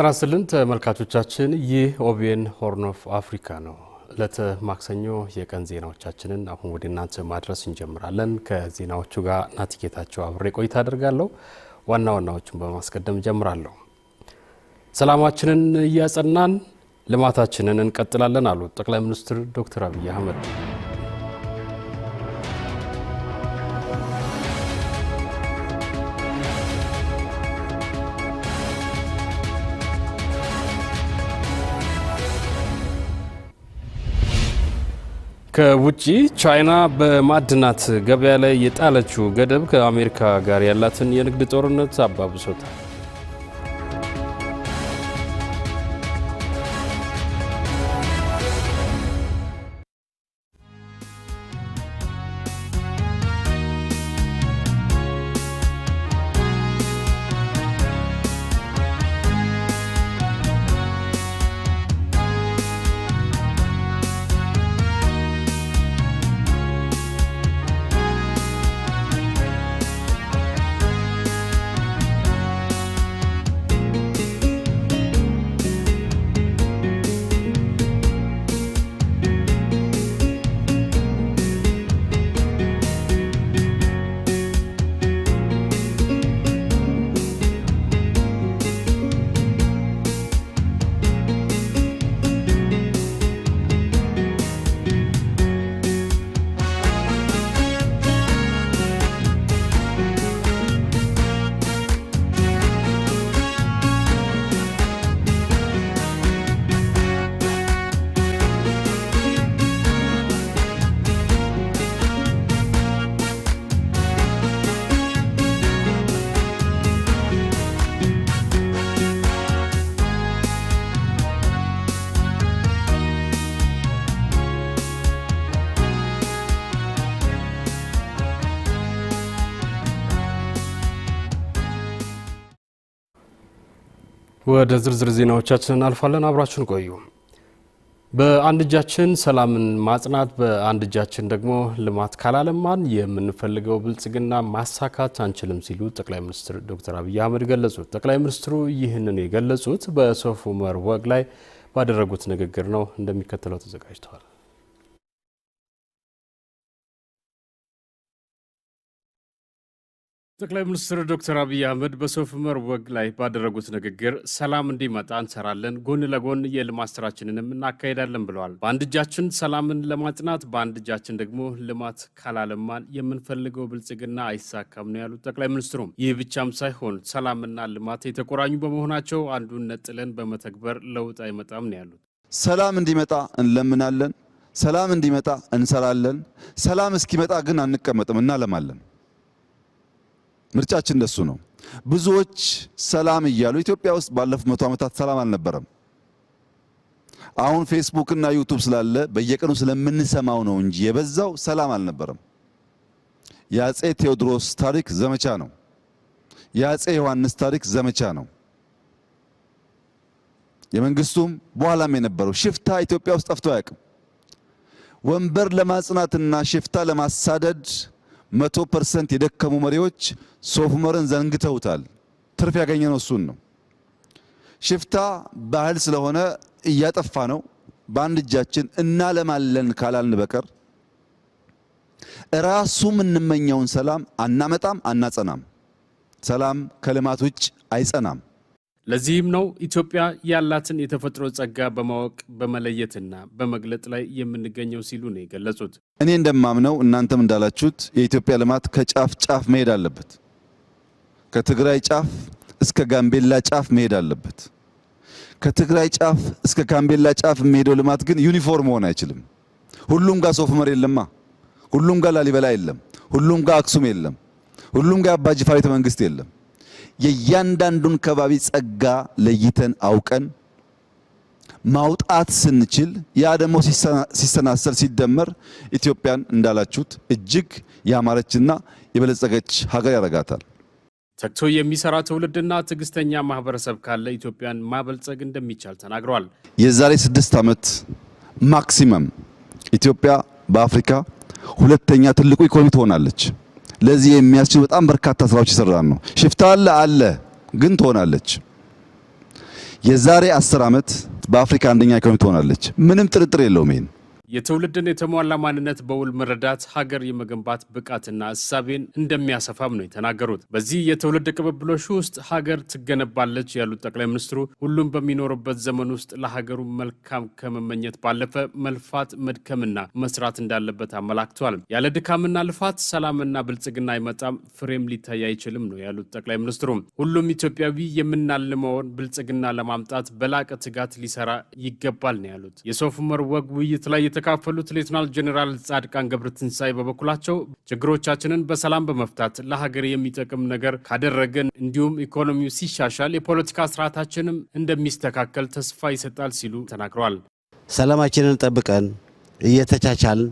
ጤና ይስጥልን ተመልካቾቻችን፣ ይህ ኦቢኤን ሆርን ኦፍ አፍሪካ ነው። ዕለተ ማክሰኞ የቀን ዜናዎቻችንን አሁን ወደ እናንተ ማድረስ እንጀምራለን። ከዜናዎቹ ጋር ናቲኬታቸው አብሬ ቆይታ አደርጋለሁ። ዋና ዋናዎቹን በማስቀደም ጀምራለሁ ሰላማችንን እያጸናን ልማታችንን እንቀጥላለን አሉ ጠቅላይ ሚኒስትር ዶክተር አብይ አህመድ። ከውጪ ቻይና በማዕድናት ገበያ ላይ የጣለችው ገደብ ከአሜሪካ ጋር ያላትን የንግድ ጦርነት አባብሶታል። ወደ ዝርዝር ዜናዎቻችን እናልፋለን። አብራችን ቆዩ። በአንድ እጃችን ሰላምን ማጽናት በአንድ እጃችን ደግሞ ልማት ካላለማን የምንፈልገው ብልጽግና ማሳካት አንችልም ሲሉ ጠቅላይ ሚኒስትር ዶክተር አብይ አህመድ ገለጹት። ጠቅላይ ሚኒስትሩ ይህንን የገለጹት በሶፍ ኡመር ወግ ላይ ባደረጉት ንግግር ነው። እንደሚከተለው ተዘጋጅተዋል። ጠቅላይ ሚኒስትር ዶክተር አብይ አህመድ በሶፍ ዑመር ወግ ላይ ባደረጉት ንግግር ሰላም እንዲመጣ እንሰራለን፣ ጎን ለጎን የልማት ስራችንንም እናካሄዳለን ብለዋል። በአንድ እጃችን ሰላምን ለማጽናት በአንድ እጃችን ደግሞ ልማት ካላለማን የምንፈልገው ብልጽግና አይሳካም ነው ያሉት ጠቅላይ ሚኒስትሩም። ይህ ብቻም ሳይሆን ሰላምና ልማት የተቆራኙ በመሆናቸው አንዱን ነጥለን በመተግበር ለውጥ አይመጣም ነው ያሉት። ሰላም እንዲመጣ እንለምናለን፣ ሰላም እንዲመጣ እንሰራለን፣ ሰላም እስኪመጣ ግን አንቀመጥም፣ እናለማለን። ምርጫችን እንደሱ ነው። ብዙዎች ሰላም እያሉ ኢትዮጵያ ውስጥ ባለፉት መቶ ዓመታት ሰላም አልነበረም። አሁን ፌስቡክ እና ዩቱብ ስላለ በየቀኑ ስለምንሰማው ነው እንጂ የበዛው ሰላም አልነበረም። የአጼ ቴዎድሮስ ታሪክ ዘመቻ ነው። የአጼ ዮሐንስ ታሪክ ዘመቻ ነው። የመንግስቱም በኋላም የነበረው ሽፍታ ኢትዮጵያ ውስጥ ጠፍቶ አያውቅም። ወንበር ለማጽናትና ሽፍታ ለማሳደድ መቶ ፐርሰንት የደከሙ መሪዎች ሶፍ መርን ዘንግተውታል። ትርፍ ያገኘነው እሱን ነው። ሽፍታ ባህል ስለሆነ እያጠፋ ነው። በአንድ እጃችን እናለማለን ካላልን በቀር እራሱ የምንመኘውን ሰላም አናመጣም፣ አናጸናም። ሰላም ከልማት ውጭ አይጸናም። ለዚህም ነው ኢትዮጵያ ያላትን የተፈጥሮ ጸጋ በማወቅ በመለየትና በመግለጥ ላይ የምንገኘው ሲሉ ነው የገለጹት። እኔ እንደማምነው እናንተም እንዳላችሁት የኢትዮጵያ ልማት ከጫፍ ጫፍ መሄድ አለበት። ከትግራይ ጫፍ እስከ ጋምቤላ ጫፍ መሄድ አለበት። ከትግራይ ጫፍ እስከ ጋምቤላ ጫፍ የሚሄደው ልማት ግን ዩኒፎርም መሆን አይችልም። ሁሉም ጋር ሶፍመር የለማ፣ ሁሉም ጋር ላሊበላ የለም፣ ሁሉም ጋር አክሱም የለም፣ ሁሉም ጋር አባጅፋሪተ መንግስት የለም። የእያንዳንዱን ከባቢ ጸጋ ለይተን አውቀን ማውጣት ስንችል ያ ደግሞ ሲሰናሰል ሲደመር ኢትዮጵያን እንዳላችሁት እጅግ ያማረችና የበለጸገች ሀገር ያደርጋታል። ተግቶ የሚሰራ ትውልድና ትዕግስተኛ ማህበረሰብ ካለ ኢትዮጵያን ማበልጸግ እንደሚቻል ተናግረዋል። የዛሬ ስድስት ዓመት ማክሲመም ኢትዮጵያ በአፍሪካ ሁለተኛ ትልቁ ኢኮኖሚ ትሆናለች። ለዚህ የሚያስችሉ በጣም በርካታ ስራዎች ይሰራን ነው። ሽፍታ አለ አለ፣ ግን ትሆናለች። የዛሬ አስር ዓመት በአፍሪካ አንደኛ ኢኮኖሚ ትሆናለች። ምንም ጥርጥር የለውም ይሄን የትውልድን የተሟላ ማንነት በውል መረዳት ሀገር የመገንባት ብቃትና እሳቤን እንደሚያሰፋም ነው የተናገሩት። በዚህ የትውልድ ቅብብሎሽ ውስጥ ሀገር ትገነባለች ያሉት ጠቅላይ ሚኒስትሩ ሁሉም በሚኖርበት ዘመን ውስጥ ለሀገሩ መልካም ከመመኘት ባለፈ መልፋት መድከምና መስራት እንዳለበት አመላክቷል። ያለ ድካምና ልፋት ሰላምና ብልጽግና አይመጣም፣ ፍሬም ሊታይ አይችልም ነው ያሉት ጠቅላይ ሚኒስትሩ ሁሉም ኢትዮጵያዊ የምናልመውን ብልጽግና ለማምጣት በላቀ ትጋት ሊሰራ ይገባል ነው ያሉት። የሶፍ ዑመር ወግ ውይይት ላይ የተካፈሉት ሌትናል ጄኔራል ጻድቃን ገብረትንሳኤ በበኩላቸው ችግሮቻችንን በሰላም በመፍታት ለሀገር የሚጠቅም ነገር ካደረገን እንዲሁም ኢኮኖሚው ሲሻሻል የፖለቲካ ስርዓታችንም እንደሚስተካከል ተስፋ ይሰጣል ሲሉ ተናግረዋል። ሰላማችንን ጠብቀን እየተቻቻልን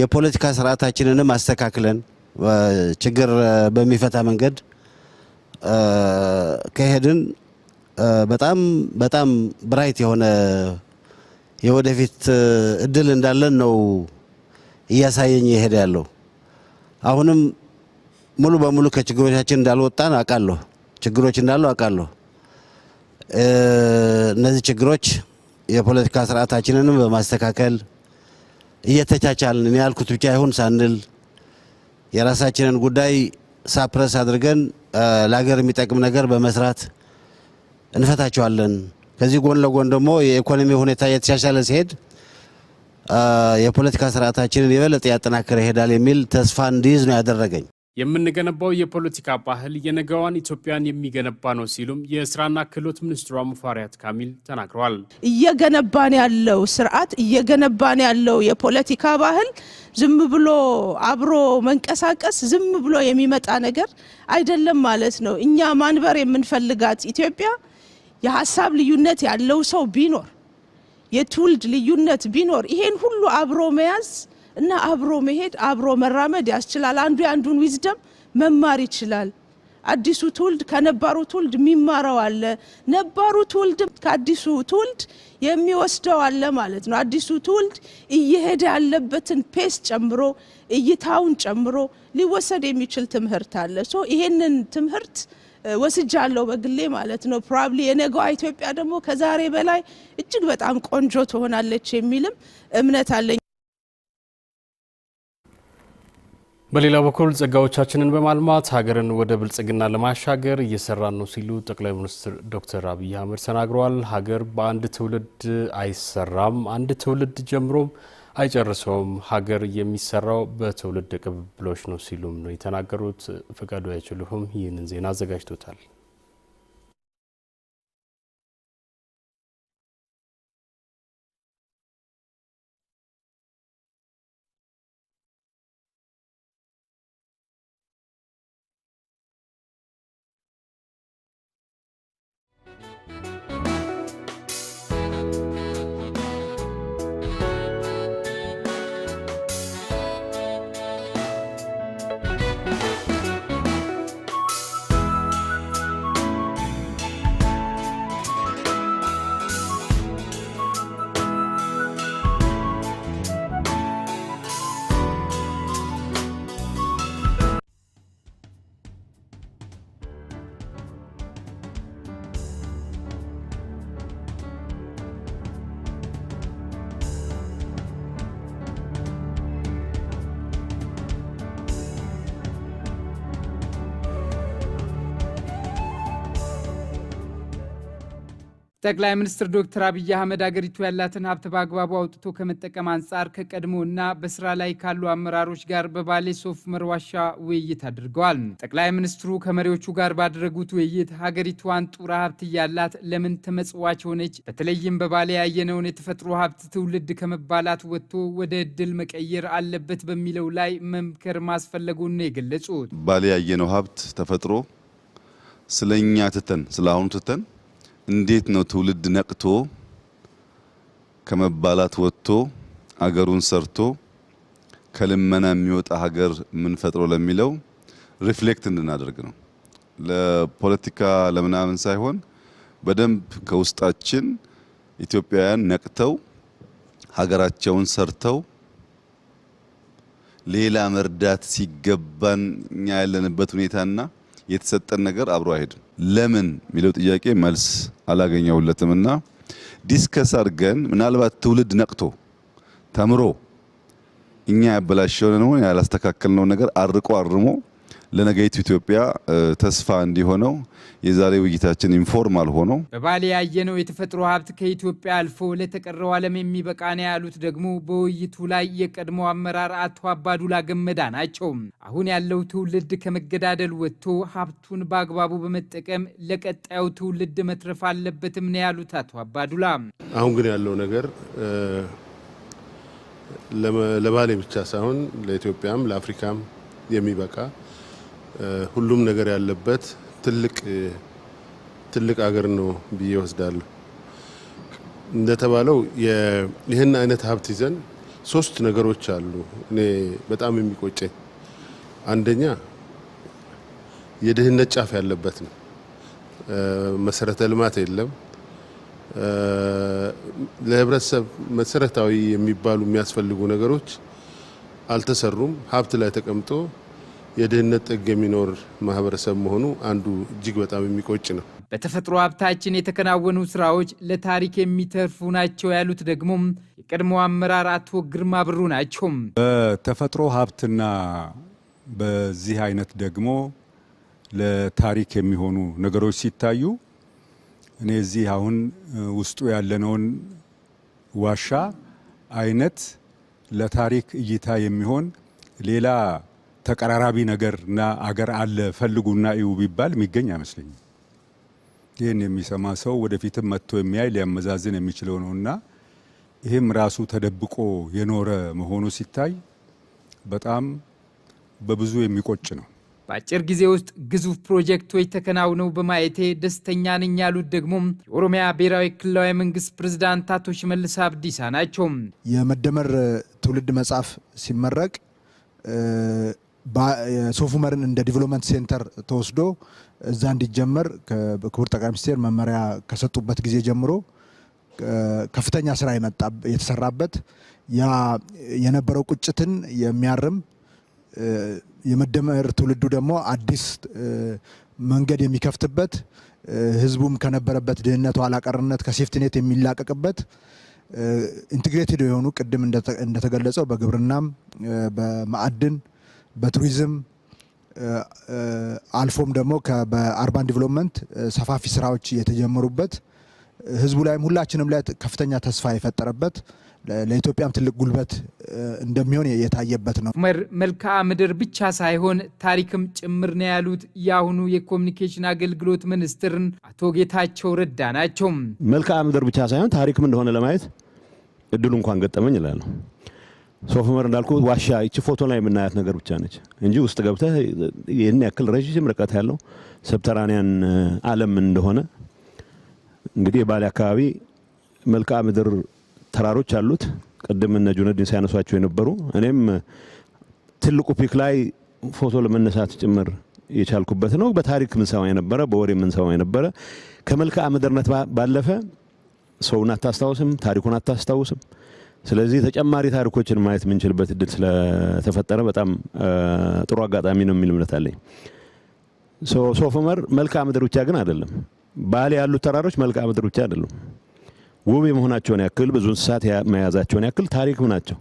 የፖለቲካ ስርዓታችንንም አስተካክለን ችግር በሚፈታ መንገድ ከሄድን በጣም በጣም ብራይት የሆነ የወደፊት እድል እንዳለን ነው እያሳየኝ የሄደ ያለው። አሁንም ሙሉ በሙሉ ከችግሮቻችን እንዳልወጣን አውቃለሁ። ችግሮች እንዳሉ አውቃለሁ። እነዚህ ችግሮች የፖለቲካ ስርዓታችንንም በማስተካከል እየተቻቻልን እኔ ያልኩት ብቻ አይሁን ሳንል የራሳችንን ጉዳይ ሳፕረስ አድርገን ለሀገር የሚጠቅም ነገር በመስራት እንፈታቸዋለን። ከዚህ ጎን ለጎን ደግሞ የኢኮኖሚ ሁኔታ እየተሻሻለ ሲሄድ የፖለቲካ ስርዓታችንን የበለጠ ያጠናክረ ይሄዳል የሚል ተስፋ እንዲይዝ ነው ያደረገኝ። የምንገነባው የፖለቲካ ባህል የነገዋን ኢትዮጵያን የሚገነባ ነው ሲሉም የስራና ክህሎት ሚኒስትሯ ሙፈሪያት ካሚል ተናግረዋል። እየገነባን ያለው ስርዓት እየገነባን ያለው የፖለቲካ ባህል ዝም ብሎ አብሮ መንቀሳቀስ ዝም ብሎ የሚመጣ ነገር አይደለም ማለት ነው። እኛ ማንበር የምንፈልጋት ኢትዮጵያ የሀሳብ ልዩነት ያለው ሰው ቢኖር የትውልድ ልዩነት ቢኖር ይሄን ሁሉ አብሮ መያዝ እና አብሮ መሄድ አብሮ መራመድ ያስችላል። አንዱ የአንዱን ዊዝደም መማር ይችላል። አዲሱ ትውልድ ከነባሩ ትውልድ የሚማረው አለ፣ ነባሩ ትውልድ ከአዲሱ ትውልድ የሚወስደው አለ ማለት ነው። አዲሱ ትውልድ እየሄደ ያለበትን ፔስ ጨምሮ እይታውን ጨምሮ ሊወሰድ የሚችል ትምህርት አለ። ሶ ይሄንን ትምህርት ወስጃለሁ በግሌ ማለት ነው። ፕሮባብሊ የነገዋ ኢትዮጵያ ደግሞ ከዛሬ በላይ እጅግ በጣም ቆንጆ ትሆናለች የሚልም እምነት አለኝ። በሌላ በኩል ጸጋዎቻችንን በማልማት ሀገርን ወደ ብልጽግና ለማሻገር እየሰራን ነው ሲሉ ጠቅላይ ሚኒስትር ዶክተር አብይ አህመድ ተናግረዋል። ሀገር በአንድ ትውልድ አይሰራም፣ አንድ ትውልድ ጀምሮም አይጨርሰውም። ሀገር የሚሰራው በትውልድ ቅብብሎች ነው ሲሉም ነው የተናገሩት። ፈቃዱ አይችልሁም ይህንን ዜና አዘጋጅቶታል። ጠቅላይ ሚኒስትር ዶክተር አብይ አህመድ አገሪቱ ያላትን ሀብት በአግባቡ አውጥቶ ከመጠቀም አንጻር ከቀድሞ እና በስራ ላይ ካሉ አመራሮች ጋር በባሌ ሶፍ መርዋሻ ውይይት አድርገዋል። ጠቅላይ ሚኒስትሩ ከመሪዎቹ ጋር ባደረጉት ውይይት ሀገሪቱ ጡረ ሀብት እያላት ለምን ተመጽዋች ሆነች? በተለይም በባሌ ያየነውን የተፈጥሮ ሀብት ትውልድ ከመባላት ወጥቶ ወደ እድል መቀየር አለበት በሚለው ላይ መምከር ማስፈለጉን ነው የገለጹት። ባሌ ያየነው ሀብት ተፈጥሮ ስለኛ ትተን ስለአሁኑ ትተን እንዴት ነው ትውልድ ነቅቶ ከመባላት ወጥቶ አገሩን ሰርቶ ከልመና የሚወጣ ሀገር የምንፈጥረው ለሚለው ሪፍሌክት እንድናደርግ ነው። ለፖለቲካ ለምናምን ሳይሆን በደንብ ከውስጣችን ኢትዮጵያውያን ነቅተው ሀገራቸውን ሰርተው ሌላ መርዳት ሲገባን እኛ ያለንበት ሁኔታና የተሰጠን ነገር አብሮ አይሄድም። ለምን የሚለው ጥያቄ መልስ አላገኘውለትም እና ዲስከስ አድርገን ምናልባት ትውልድ ነቅቶ ተምሮ እኛ ያበላሸውን ያላስተካከልነውን ነገር አርቆ አርሞ ለነገይቱ ኢትዮጵያ ተስፋ እንዲሆነው የዛሬ ውይይታችን ኢንፎርማል ሆኖ በባሌ ያየነው የተፈጥሮ ሀብት ከኢትዮጵያ አልፎ ለተቀረው ዓለም የሚበቃ ነው ያሉት ደግሞ በውይይቱ ላይ የቀድሞ አመራር አቶ አባዱላ ገመዳ ናቸው። አሁን ያለው ትውልድ ከመገዳደል ወጥቶ ሀብቱን በአግባቡ በመጠቀም ለቀጣዩ ትውልድ መትረፍ አለበትም ነው ያሉት አቶ አባዱላ። አሁን ግን ያለው ነገር ለባሌ ብቻ ሳይሆን ለኢትዮጵያም ለአፍሪካም የሚበቃ ሁሉም ነገር ያለበት ትልቅ ትልቅ አገር ነው ብዬ ወስዳለሁ። እንደተባለው ይህን አይነት ሀብት ይዘን ሶስት ነገሮች አሉ እኔ በጣም የሚቆጨኝ። አንደኛ የድህነት ጫፍ ያለበት ነው። መሰረተ ልማት የለም። ለህብረተሰብ መሰረታዊ የሚባሉ የሚያስፈልጉ ነገሮች አልተሰሩም። ሀብት ላይ ተቀምጦ የድህነት ጥግ የሚኖር ማህበረሰብ መሆኑ አንዱ እጅግ በጣም የሚቆጭ ነው። በተፈጥሮ ሀብታችን የተከናወኑ ስራዎች ለታሪክ የሚተርፉ ናቸው ያሉት ደግሞ የቀድሞ አመራር አቶ ግርማ ብሩ ናቸው። በተፈጥሮ ሀብትና በዚህ አይነት ደግሞ ለታሪክ የሚሆኑ ነገሮች ሲታዩ እኔ እዚህ አሁን ውስጡ ያለነውን ዋሻ አይነት ለታሪክ እይታ የሚሆን ሌላ ተቀራራቢ ነገርና አገር አለ ፈልጉና እዩ ቢባል የሚገኝ አይመስለኝም። ይህን የሚሰማ ሰው ወደፊትም መጥቶ የሚያይ ሊያመዛዝን የሚችለው ነውና ይህም ራሱ ተደብቆ የኖረ መሆኑ ሲታይ በጣም በብዙ የሚቆጭ ነው። በአጭር ጊዜ ውስጥ ግዙፍ ፕሮጀክቶች ተከናውነው በማየቴ ደስተኛ ነኝ ያሉት ደግሞ የኦሮሚያ ብሔራዊ ክልላዊ መንግስት ፕሬዝዳንት አቶ ሽመልስ አብዲሳ ናቸው። የመደመር ትውልድ መጽሐፍ ሲመረቅ ሶፍ ዑመርን እንደ ዲቨሎፕመንት ሴንተር ተወስዶ እዛ እንዲጀመር ክቡር ጠቅላይ ሚኒስቴር መመሪያ ከሰጡበት ጊዜ ጀምሮ ከፍተኛ ስራ የተሰራበት ያ የነበረው ቁጭትን የሚያርም የመደመር ትውልዱ ደግሞ አዲስ መንገድ የሚከፍትበት ህዝቡም ከነበረበት ድህነት፣ ኋላቀርነት ከሴፍትኔት የሚላቀቅበት ኢንትግሬትድ የሆኑ ቅድም እንደተገለጸው በግብርናም በማዕድን በቱሪዝም አልፎም ደግሞ በአርባን ዲቨሎፕመንት ሰፋፊ ስራዎች የተጀመሩበት ህዝቡ ላይም ሁላችንም ላይ ከፍተኛ ተስፋ የፈጠረበት ለኢትዮጵያም ትልቅ ጉልበት እንደሚሆን የታየበት ነው። ዑመር መልክዓ ምድር ብቻ ሳይሆን ታሪክም ጭምር ነው ያሉት የአሁኑ የኮሚኒኬሽን አገልግሎት ሚኒስትርን አቶ ጌታቸው ረዳ ናቸው። መልክዓ ምድር ብቻ ሳይሆን ታሪክም እንደሆነ ለማየት እድሉ እንኳን ገጠመኝ ይላል ነው ሶፍ ዑመር እንዳልኩ ዋሻ ይቺ ፎቶ ላይ የምናያት ነገር ብቻ ነች እንጂ ውስጥ ገብተህ ይህን ያክል ረዥም ርቀት ያለው ሰብተራኒያን ዓለም እንደሆነ እንግዲህ የባሌ አካባቢ መልክዓ ምድር ተራሮች አሉት። ቅድም እነ ጁነዲን ሳያነሷቸው የነበሩ እኔም ትልቁ ፒክ ላይ ፎቶ ለመነሳት ጭምር የቻልኩበት ነው። በታሪክ ምንሰማ የነበረ በወሬ ምንሰማ የነበረ ከመልክዓ ምድርነት ባለፈ ሰውን አታስታውስም፣ ታሪኩን አታስታውስም። ስለዚህ ተጨማሪ ታሪኮችን ማየት የምንችልበት እድል ስለተፈጠረ በጣም ጥሩ አጋጣሚ ነው የሚል እምነት አለኝ። ሶፍ ዑመር መልክዓ ምድር ብቻ ግን አይደለም። ባሌ ያሉት ተራሮች መልክዓ ምድር ብቻ አይደሉም። ውብ የመሆናቸውን ያክል ብዙ እንስሳት መያዛቸውን ያክል ታሪክም ናቸው።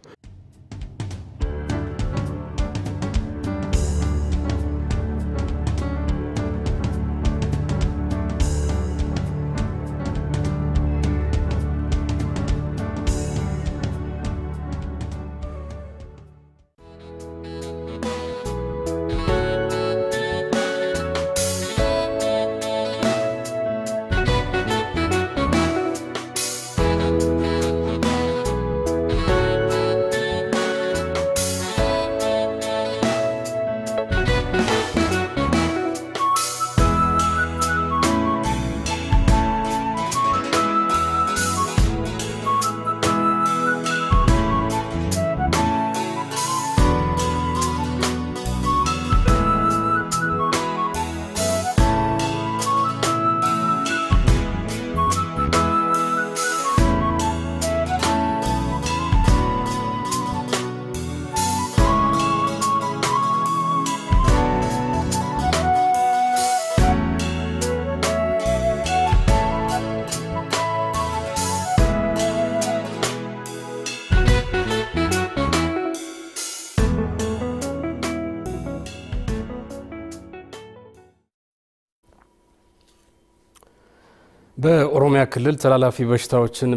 ክልል ተላላፊ በሽታዎችን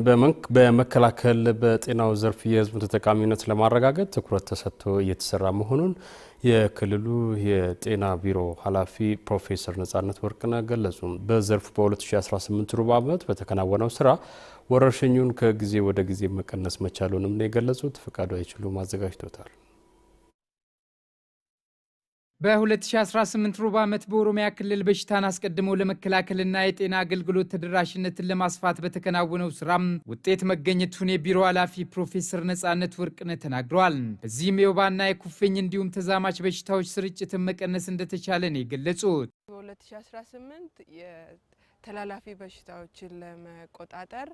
በመከላከል በጤናው ዘርፍ የህዝቡን ተጠቃሚነት ለማረጋገጥ ትኩረት ተሰጥቶ እየተሰራ መሆኑን የክልሉ የጤና ቢሮ ኃላፊ ፕሮፌሰር ነጻነት ወርቅነህ ገለጹ። በዘርፉ በ2018 ሩብ ዓመት በተከናወነው ስራ ወረርሽኙን ከጊዜ ወደ ጊዜ መቀነስ መቻሉንም ነው የገለጹት። ፈቃዱ አይችሉም አዘጋጅቶታል። በ2018 ሩብ ዓመት በኦሮሚያ ክልል በሽታን አስቀድሞ ለመከላከልና የጤና አገልግሎት ተደራሽነትን ለማስፋት በተከናወነው ስራም ውጤት መገኘቱን የቢሮ ኃላፊ ፕሮፌሰር ነጻነት ወርቅነህ ተናግረዋል። በዚህም የወባና የኩፍኝ እንዲሁም ተዛማች በሽታዎች ስርጭትን መቀነስ እንደተቻለ ነው የገለጹት። በ2018 የተላላፊ በሽታዎችን ለመቆጣጠር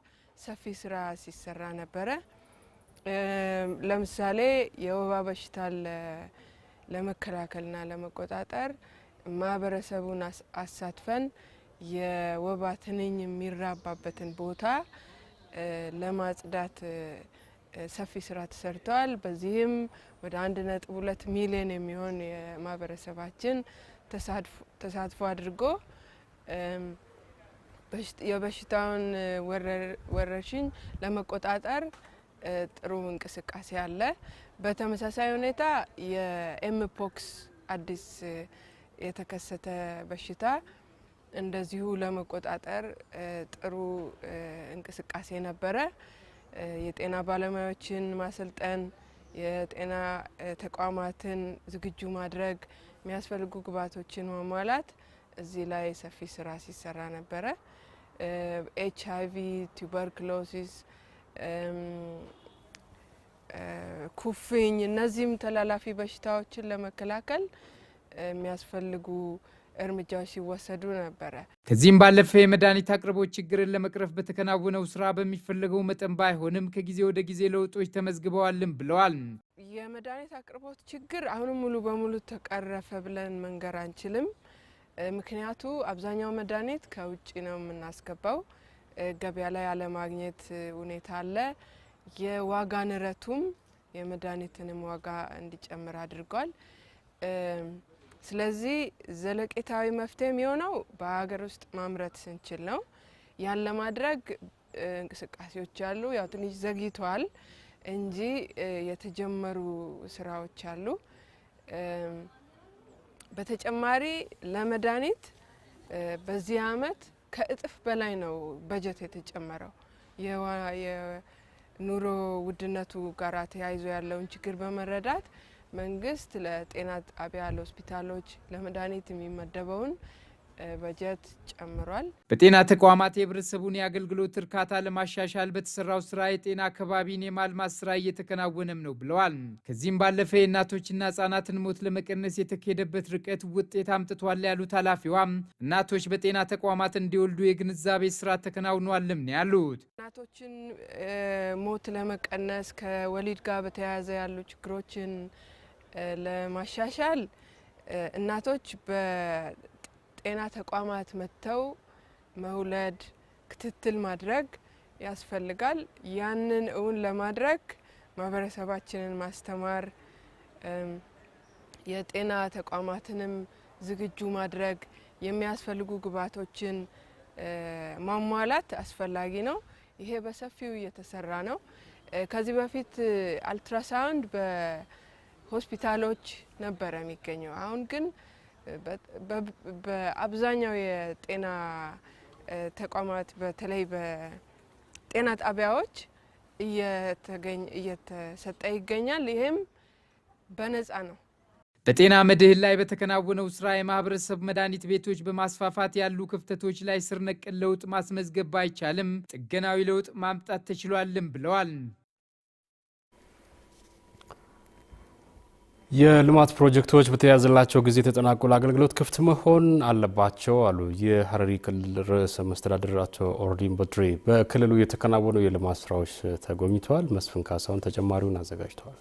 ሰፊ ስራ ሲሰራ ነበረ። ለምሳሌ የወባ በሽታ ለመከላከልና ለመቆጣጠር ማህበረሰቡን አሳትፈን የወባ ትንኝ የሚራባበትን ቦታ ለማጽዳት ሰፊ ስራ ተሰርተዋል። በዚህም ወደ አንድ ነጥብ ሁለት ሚሊዮን የሚሆን የማህበረሰባችን ተሳትፎ አድርጎ የበሽታውን ወረርሽኝ ለመቆጣጠር ጥሩ እንቅስቃሴ አለ። በተመሳሳይ ሁኔታ የኤምፖክስ አዲስ የተከሰተ በሽታ እንደዚሁ ለመቆጣጠር ጥሩ እንቅስቃሴ ነበረ። የጤና ባለሙያዎችን ማሰልጠን፣ የጤና ተቋማትን ዝግጁ ማድረግ፣ የሚያስፈልጉ ግብዓቶችን መሟላት እዚህ ላይ ሰፊ ስራ ሲሰራ ነበረ። ኤች አይቪ ቱበርክሎሲስ ኩፍኝ፣ እነዚህም ተላላፊ በሽታዎችን ለመከላከል የሚያስፈልጉ እርምጃዎች ሲወሰዱ ነበረ። ከዚህም ባለፈ የመድኃኒት አቅርቦት ችግርን ለመቅረፍ በተከናወነው ስራ በሚፈለገው መጠን ባይሆንም ከጊዜ ወደ ጊዜ ለውጦች ተመዝግበዋልም ብለዋል። የመድኃኒት አቅርቦት ችግር አሁንም ሙሉ በሙሉ ተቀረፈ ብለን መንገር አንችልም። ምክንያቱ አብዛኛው መድኃኒት ከውጭ ነው የምናስገባው፣ ገበያ ላይ ያለማግኘት ሁኔታ አለ። የዋጋ ንረቱም የመድኃኒትንም ዋጋ እንዲጨምር አድርጓል። ስለዚህ ዘለቄታዊ መፍትሄ የሚሆነው በሀገር ውስጥ ማምረት ስንችል ነው። ያን ለማድረግ እንቅስቃሴዎች አሉ። ያው ትንሽ ዘግይተዋል እንጂ የተጀመሩ ስራዎች አሉ። በተጨማሪ ለመድኃኒት በዚህ አመት ከእጥፍ በላይ ነው በጀት የተጨመረው። ኑሮ ውድነቱ ጋር ተያይዞ ያለውን ችግር በመረዳት መንግስት ለጤና ጣቢያ፣ ለሆስፒታሎች፣ ለመድኃኒት የሚመደበውን በጀት ጨምሯል። በጤና ተቋማት የህብረተሰቡን የአገልግሎት እርካታ ለማሻሻል በተሰራው ስራ የጤና አካባቢን የማልማት ስራ እየተከናወነም ነው ብለዋል። ከዚህም ባለፈ የእናቶችና ህጻናትን ሞት ለመቀነስ የተካሄደበት ርቀት ውጤት አምጥቷል ያሉት ኃላፊዋ እናቶች በጤና ተቋማት እንዲወልዱ የግንዛቤ ስራ ተከናውኗልም ነው ያሉት። እናቶችን ሞት ለመቀነስ ከወሊድ ጋር በተያያዘ ያሉ ችግሮችን ለማሻሻል እናቶች ጤና ተቋማት መጥተው መውለድ፣ ክትትል ማድረግ ያስፈልጋል። ያንን እውን ለማድረግ ማህበረሰባችንን ማስተማር፣ የጤና ተቋማትንም ዝግጁ ማድረግ፣ የሚያስፈልጉ ግብዓቶችን ማሟላት አስፈላጊ ነው። ይሄ በሰፊው እየተሰራ ነው። ከዚህ በፊት አልትራሳውንድ በሆስፒታሎች ነበረ የሚገኘው። አሁን ግን በአብዛኛው የጤና ተቋማት በተለይ በጤና ጣቢያዎች እየተሰጠ ይገኛል። ይህም በነፃ ነው። በጤና መድህን ላይ በተከናወነው ስራ የማህበረሰብ መድኃኒት ቤቶች በማስፋፋት ያሉ ክፍተቶች ላይ ስር ነቀል ለውጥ ማስመዝገብ አይቻልም፣ ጥገናዊ ለውጥ ማምጣት ተችሏልም ብለዋል። የልማት ፕሮጀክቶች በተያዘላቸው ጊዜ ተጠናቆ ለአገልግሎት ክፍት መሆን አለባቸው አሉ የሀረሪ ክልል ርዕሰ መስተዳድር አቶ ኦርዲን በድሬ። በክልሉ የተከናወኑ የልማት ስራዎች ተጎብኝተዋል። መስፍን ካሳሁን ተጨማሪውን አዘጋጅተዋል።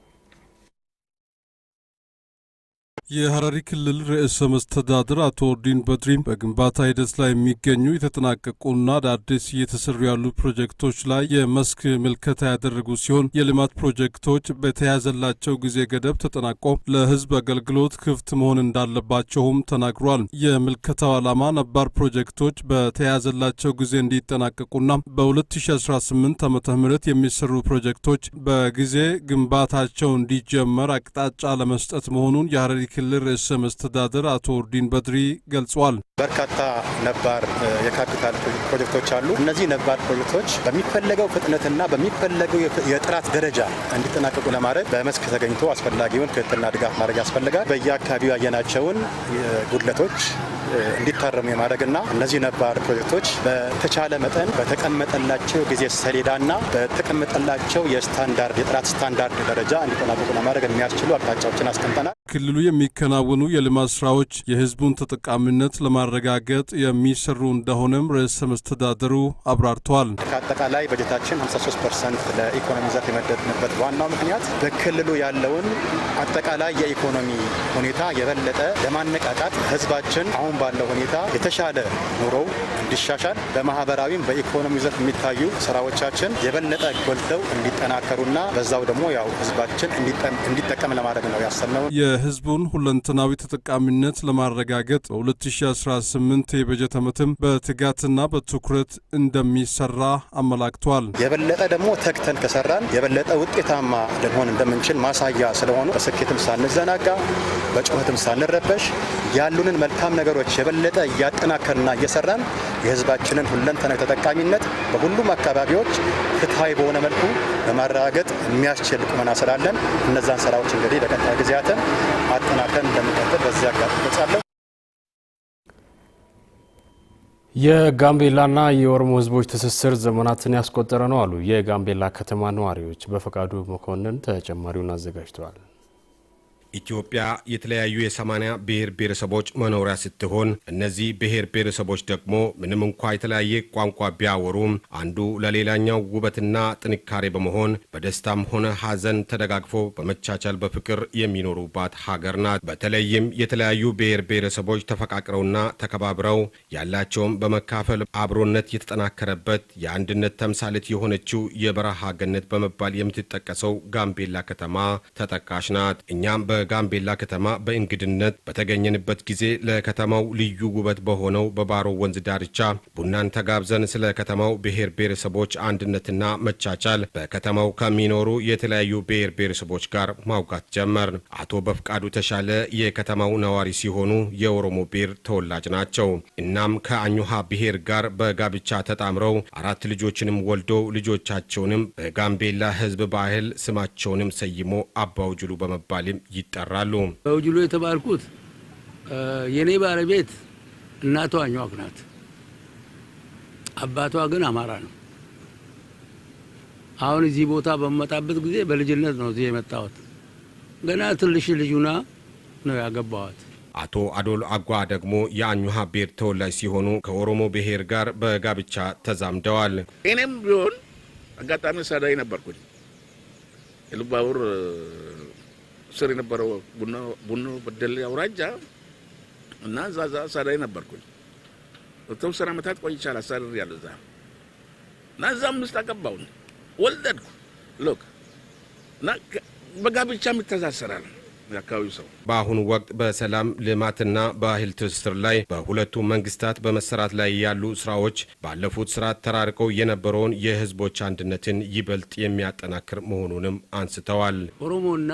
የሐረሪ ክልል ርዕሰ መስተዳድር አቶ ኦርዲን በድሪም በግንባታ ሂደት ላይ የሚገኙ የተጠናቀቁና አዳዲስ እየተሰሩ ያሉ ፕሮጀክቶች ላይ የመስክ ምልከታ ያደረጉ ሲሆን የልማት ፕሮጀክቶች በተያዘላቸው ጊዜ ገደብ ተጠናቆ ለሕዝብ አገልግሎት ክፍት መሆን እንዳለባቸውም ተናግሯል። የምልከታው ዓላማ ነባር ፕሮጀክቶች በተያዘላቸው ጊዜ እንዲጠናቀቁና በ2018 ዓ ም የሚሰሩ ፕሮጀክቶች በጊዜ ግንባታቸው እንዲጀመር አቅጣጫ ለመስጠት መሆኑን የሐረሪ ክልል ርዕሰ መስተዳደር አቶ ኡርዲን በድሪ ገልጿል። በርካታ ነባር የካፒታል ፕሮጀክቶች አሉ። እነዚህ ነባር ፕሮጀክቶች በሚፈለገው ፍጥነትና በሚፈለገው የጥራት ደረጃ እንዲጠናቀቁ ለማድረግ በመስክ ተገኝቶ አስፈላጊውን ክትትልና ድጋፍ ማድረግ ያስፈልጋል። በየአካባቢው ያየናቸውን ጉድለቶች እንዲታረሙ የማድረግና እነዚህ ነባር ፕሮጀክቶች በተቻለ መጠን በተቀመጠላቸው ጊዜ ሰሌዳና በተቀመጠላቸው የስታንዳርድ የጥራት ስታንዳርድ ደረጃ እንዲጠናቀቁ ለማድረግ የሚያስችሉ አቅጣጫዎችን አስቀምጠናል። ክልሉ የሚከናወኑ የልማት ስራዎች የህዝቡን ተጠቃሚነት ለማ ለማረጋገጥ የሚሰሩ እንደሆነም ርዕሰ መስተዳድሩ አብራርተዋል። ከአጠቃላይ በጀታችን 53 ፐርሰንት ለኢኮኖሚ ዘርፍ የመደብንበት ዋናው ምክንያት በክልሉ ያለውን አጠቃላይ የኢኮኖሚ ሁኔታ የበለጠ ለማነቃቃት ህዝባችን አሁን ባለው ሁኔታ የተሻለ ኑሮው እንዲሻሻል በማህበራዊም በኢኮኖሚ ዘርፍ የሚታዩ ስራዎቻችን የበለጠ ጎልተው እንዲጠናከሩና በዛው ደግሞ ያው ህዝባችን እንዲጠቀም ለማድረግ ነው ያሰብነው። የህዝቡን ሁለንተናዊ ተጠቃሚነት ለማረጋገጥ በ2017 2018 የበጀት ዓመትም በትጋትና በትኩረት እንደሚሰራ አመላክቷል። የበለጠ ደግሞ ተግተን ከሰራን የበለጠ ውጤታማ ልንሆን እንደምንችል ማሳያ ስለሆኑ በስኬትም ሳንዘናጋ በጩኸትም ሳንረበሽ ያሉንን መልካም ነገሮች የበለጠ እያጠናከርና እየሰራን የህዝባችንን ሁለንተነ ተጠቃሚነት በሁሉም አካባቢዎች ፍትሐዊ በሆነ መልኩ በማረጋገጥ የሚያስችል ቁመና ስላለን እነዛን ስራዎች እንግዲህ ለቀጣይ ጊዜያትን አጠናከን እንደምንቀጥል በዚህ አጋጣሚ ገልጻለሁ። የጋምቤላና የኦሮሞ ህዝቦች ትስስር ዘመናትን ያስቆጠረ ነው አሉ የጋምቤላ ከተማ ነዋሪዎች። በፈቃዱ መኮንን ተጨማሪውን አዘጋጅተዋል። ኢትዮጵያ የተለያዩ የሰማንያ ብሔር ብሔረሰቦች መኖሪያ ስትሆን እነዚህ ብሔር ብሔረሰቦች ደግሞ ምንም እንኳ የተለያየ ቋንቋ ቢያወሩም አንዱ ለሌላኛው ውበትና ጥንካሬ በመሆን በደስታም ሆነ ሐዘን ተደጋግፎ በመቻቻል በፍቅር የሚኖሩባት ሀገር ናት። በተለይም የተለያዩ ብሔር ብሔረሰቦች ተፈቃቅረውና ተከባብረው ያላቸውም በመካፈል አብሮነት የተጠናከረበት የአንድነት ተምሳሌት የሆነችው የበረሃ ገነት በመባል የምትጠቀሰው ጋምቤላ ከተማ ተጠቃሽ ናት። እኛም በ በጋምቤላ ከተማ በእንግድነት በተገኘንበት ጊዜ ለከተማው ልዩ ውበት በሆነው በባሮ ወንዝ ዳርቻ ቡናን ተጋብዘን ስለ ከተማው ብሔር ብሔረሰቦች አንድነትና መቻቻል በከተማው ከሚኖሩ የተለያዩ ብሔር ብሔረሰቦች ጋር ማውጋት ጀመር። አቶ በፍቃዱ ተሻለ የከተማው ነዋሪ ሲሆኑ የኦሮሞ ብሔር ተወላጅ ናቸው። እናም ከአኙሃ ብሔር ጋር በጋብቻ ተጣምረው አራት ልጆችንም ወልደው ልጆቻቸውንም በጋምቤላ ሕዝብ ባህል ስማቸውንም ሰይሞ አባውጅሉ በመባልም ይጠራሉ። በውጅሎ የተባልኩት የኔ ባለቤት እናቷ ኛዋክ ናት። አባቷ ግን አማራ ነው። አሁን እዚህ ቦታ በመጣበት ጊዜ በልጅነት ነው እዚህ የመጣሁት። ገና ትንሽ ልጁና ነው ያገባዋት። አቶ አዶል አጓ ደግሞ የአኙሃ ብሔር ተወላጅ ሲሆኑ ከኦሮሞ ብሔር ጋር በጋብቻ ተዛምደዋል። እኔም ቢሆን አጋጣሚ ሰዳይ ነበርኩኝ የልባቡር ስር የነበረው ቡኖ በደሌ አውራጃ እና እዛ እዛ አሳዳሪ ነበርኩኝ። በተወሰነ ዓመታት ቆይቻል አሳድር ያለ እዛ እና እዛ አምስት አገባውን ወለድኩ ሎክ እና በጋብቻም ይተሳሰራል። የአካባቢው ሰው በአሁኑ ወቅት በሰላም ልማትና ባህል ትስስር ላይ በሁለቱ መንግስታት በመሰራት ላይ ያሉ ስራዎች ባለፉት ስርዓት ተራርቀው የነበረውን የህዝቦች አንድነትን ይበልጥ የሚያጠናክር መሆኑንም አንስተዋል። ኦሮሞና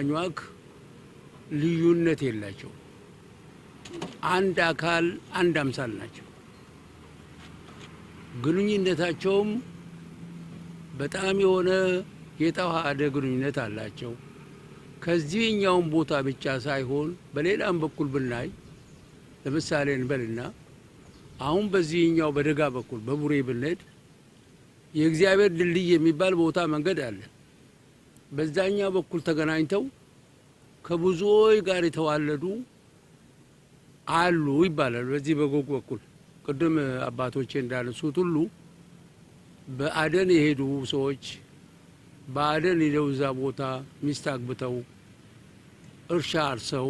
አኟክ ልዩነት የላቸው፣ አንድ አካል አንድ አምሳል ናቸው። ግንኙነታቸውም በጣም የሆነ የተዋሃደ ግንኙነት አላቸው። ከዚህኛው ቦታ ብቻ ሳይሆን በሌላም በኩል ብናይ ለምሳሌ እንበልና አሁን በዚህኛው በደጋ በኩል በቡሬ ብንሄድ የእግዚአብሔር ድልድይ የሚባል ቦታ መንገድ አለ። በዛኛው በኩል ተገናኝተው ከብዙዎች ጋር የተዋለዱ አሉ ይባላል። በዚህ በጎግ በኩል ቅድም አባቶቼ እንዳነሱት ሁሉ በአደን የሄዱ ሰዎች ባዕድን ሄደው እዛ ቦታ ሚስት አግብተው እርሻ አርሰው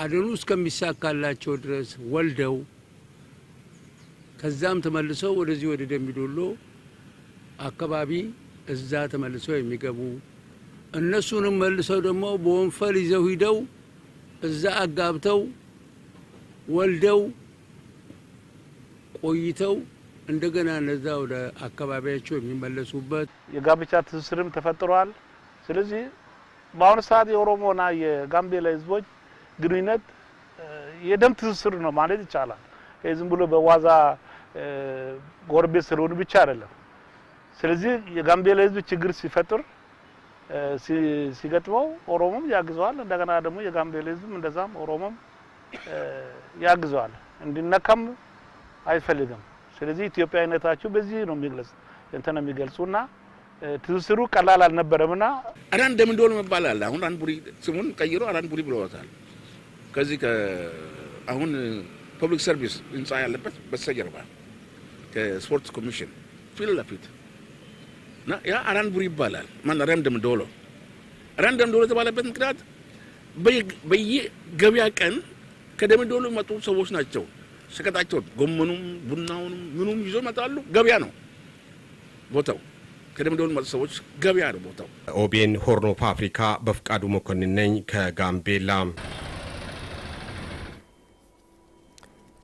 አድኑ እስከሚሳካላቸው ድረስ ወልደው ከዛም ተመልሰው ወደዚህ ወደ ደምቢዶሎ አካባቢ እዛ ተመልሰው የሚገቡ እነሱንም መልሰው ደግሞ በወንፈል ይዘው ሂደው እዛ አጋብተው ወልደው ቆይተው እንደገና እነዛ ወደ አካባቢያቸው የሚመለሱበት የጋብቻ ትስስርም ተፈጥሯል። ስለዚህ በአሁኑ ሰዓት የኦሮሞና የጋምቤላ ህዝቦች ግንኙነት የደም ትስስር ነው ማለት ይቻላል። ዝም ብሎ በዋዛ ጎረቤት ስለሆኑ ብቻ አይደለም። ስለዚህ የጋምቤላ ህዝብ ችግር ሲፈጥር ሲገጥመው ኦሮሞም ያግዘዋል። እንደገና ደግሞ የጋምቤላ ህዝብም እንደዛም ኦሮሞም ያግዘዋል። እንዲነካም አይፈልግም። ስለዚህ ኢትዮጵያዊነታችሁ በዚህ ነው የሚገልጽ እንትን ነው የሚገልጹና ትስስሩ ቀላል አልነበረምና አዳን እንደምን እንደሆነ መባላል አሁን አዳን ቡሪ ስሙን ቀይሮ አዳን ቡሪ ብለዋታል። ከዚህ አሁን ፐብሊክ ሰርቪስ ህንፃ ያለበት በስተጀርባ ከስፖርት ኮሚሽን ፊት ለፊት ያ አዳን ቡሪ ይባላል። ማን ረምደም ዶሎ ረምደም ዶሎ የተባለበት ምክንያት በየገበያ ቀን ከደምዶሎ መጡ ሰዎች ናቸው። ሸቀጣቸውን ጎመኑም፣ ቡናውንም ምኑም ይዞ ይመጣሉ። ገበያ ነው ቦታው። ከደምደውን መጡ ሰዎች ገበያ ነው ቦታው። ኦቤን ሆርን ኦፍ አፍሪካ። በፍቃዱ መኮንን ነኝ ከጋምቤላ።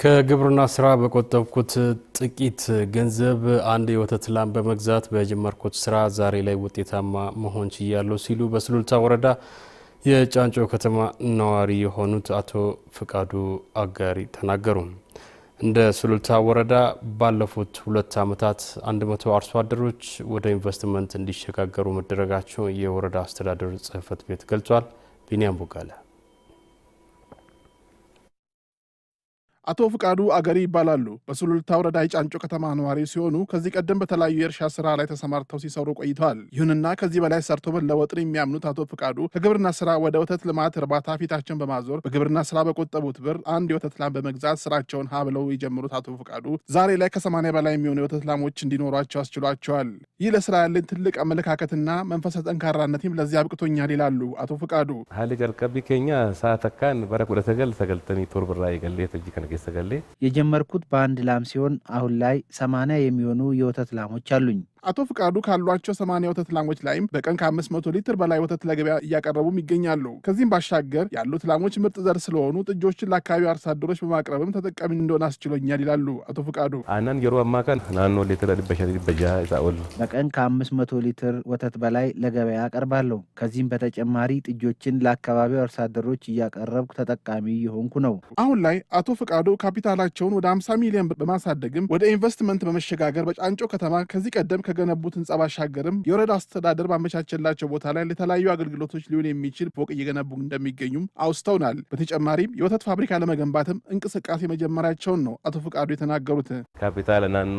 ከግብርና ስራ በቆጠብኩት ጥቂት ገንዘብ አንድ የወተት ላም በመግዛት በጀመርኩት ስራ ዛሬ ላይ ውጤታማ መሆን ችያለሁ ሲሉ በሱሉልታ ወረዳ የጫንጮ ከተማ ነዋሪ የሆኑት አቶ ፍቃዱ አጋሪ ተናገሩ። እንደ ሱሉልታ ወረዳ ባለፉት ሁለት ዓመታት 100 አርሶ አደሮች ወደ ኢንቨስትመንት እንዲሸጋገሩ መደረጋቸው የወረዳ አስተዳደር ጽሕፈት ቤት ገልጿል። ቢኒያም ቦጋለ አቶ ፍቃዱ አገሪ ይባላሉ። በሱሉልታ ወረዳ የጫንጮ ከተማ ነዋሪ ሲሆኑ ከዚህ ቀደም በተለያዩ የእርሻ ስራ ላይ ተሰማርተው ሲሰሩ ቆይተዋል። ይሁንና ከዚህ በላይ ሰርቶ መለወጥን የሚያምኑት አቶ ፍቃዱ ከግብርና ስራ ወደ ወተት ልማት እርባታ ፊታቸውን በማዞር በግብርና ስራ በቆጠቡት ብር አንድ የወተት ላም በመግዛት ስራቸውን ሀ ብለው የጀመሩት አቶ ፍቃዱ ዛሬ ላይ ከሰማንያ በላይ የሚሆኑ የወተት ላሞች እንዲኖሯቸው አስችሏቸዋል። ይህ ለስራ ያለኝ ትልቅ አመለካከትና መንፈሰ ጠንካራነትም ለዚህ አብቅቶኛል ይላሉ አቶ ፍቃዱ ሀሊ ጀልቀቢ ኬኛ ሳተካን በረ ተገልተኒ ቶርብራ የገሌ ተጅ የጀመርኩት በአንድ ላም ሲሆን አሁን ላይ ሰማንያ የሚሆኑ የወተት ላሞች አሉኝ። አቶ ፍቃዱ ካሏቸው ሰማንያ ወተት ላሞች ላይም በቀን ከአምስት መቶ ሊትር በላይ ወተት ለገበያ እያቀረቡም ይገኛሉ። ከዚህም ባሻገር ያሉት ላሞች ምርጥ ዘር ስለሆኑ ጥጆችን ለአካባቢው አርሶ አደሮች በማቅረብም ተጠቃሚ እንደሆነ አስችሎኛል ይላሉ አቶ ፍቃዱ። አናን የሮ አማካን ናኖ ሊትር በቀን ከአምስት መቶ ሊትር ወተት በላይ ለገበያ አቀርባለሁ። ከዚህም በተጨማሪ ጥጆችን ለአካባቢው አርሶ አደሮች እያቀረብኩ ተጠቃሚ የሆንኩ ነው። አሁን ላይ አቶ ፍቃዱ ካፒታላቸውን ወደ 50 ሚሊዮን በማሳደግም ወደ ኢንቨስትመንት በመሸጋገር በጫንጮ ከተማ ከዚህ ቀደም ከተገነቡት ህንፃ ባሻገርም የወረዳ አስተዳደር ባመቻቸላቸው ቦታ ላይ ለተለያዩ አገልግሎቶች ሊሆን የሚችል ፎቅ እየገነቡ እንደሚገኙም አውስተውናል። በተጨማሪም የወተት ፋብሪካ ለመገንባትም እንቅስቃሴ መጀመሪያቸውን ነው አቶ ፍቃዱ የተናገሩት። ካፒታል ናኖ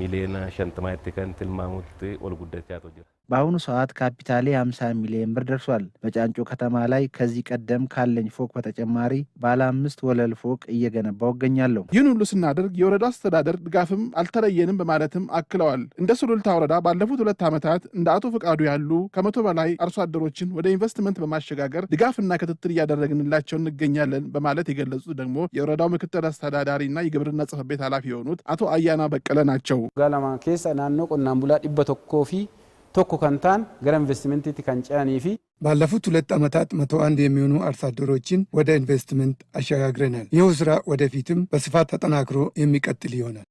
ሚሊዮና ሸንጥማቴ ከንትል ማሙት ወልጉደት ያቶ በአሁኑ ሰዓት ካፒታሌ 50 ሚሊዮን ብር ደርሷል። በጫንጮ ከተማ ላይ ከዚህ ቀደም ካለኝ ፎቅ በተጨማሪ ባለ አምስት ወለል ፎቅ እየገነባው እገኛለሁ። ይህን ሁሉ ስናደርግ የወረዳ አስተዳደር ድጋፍም አልተለየንም በማለትም አክለዋል። እንደ ሱሉልታ ወረዳ ባለፉት ሁለት ዓመታት እንደ አቶ ፈቃዱ ያሉ ከመቶ በላይ አርሶ አደሮችን ወደ ኢንቨስትመንት በማሸጋገር ድጋፍና ክትትል እያደረግንላቸው እንገኛለን በማለት የገለጹት ደግሞ የወረዳው ምክትል አስተዳዳሪና የግብርና ጽሕፈት ቤት ኃላፊ የሆኑት አቶ አያና በቀለ ናቸው። ጋላማ ኬሳ ናኖ ቆናን ዲበቶኮፊ ቶኮ ከንታን ገረ ኢንቨስትመንቲቲ ከንጫኒ ባለፉት ሁለት ዓመታት መቶ አንድ የሚሆኑ አርሶ አደሮችን ወደ ኢንቨስትመንት አሸጋግረናል። ይኸው ስራ ወደፊትም በስፋት ተጠናክሮ የሚቀጥል ይሆናል።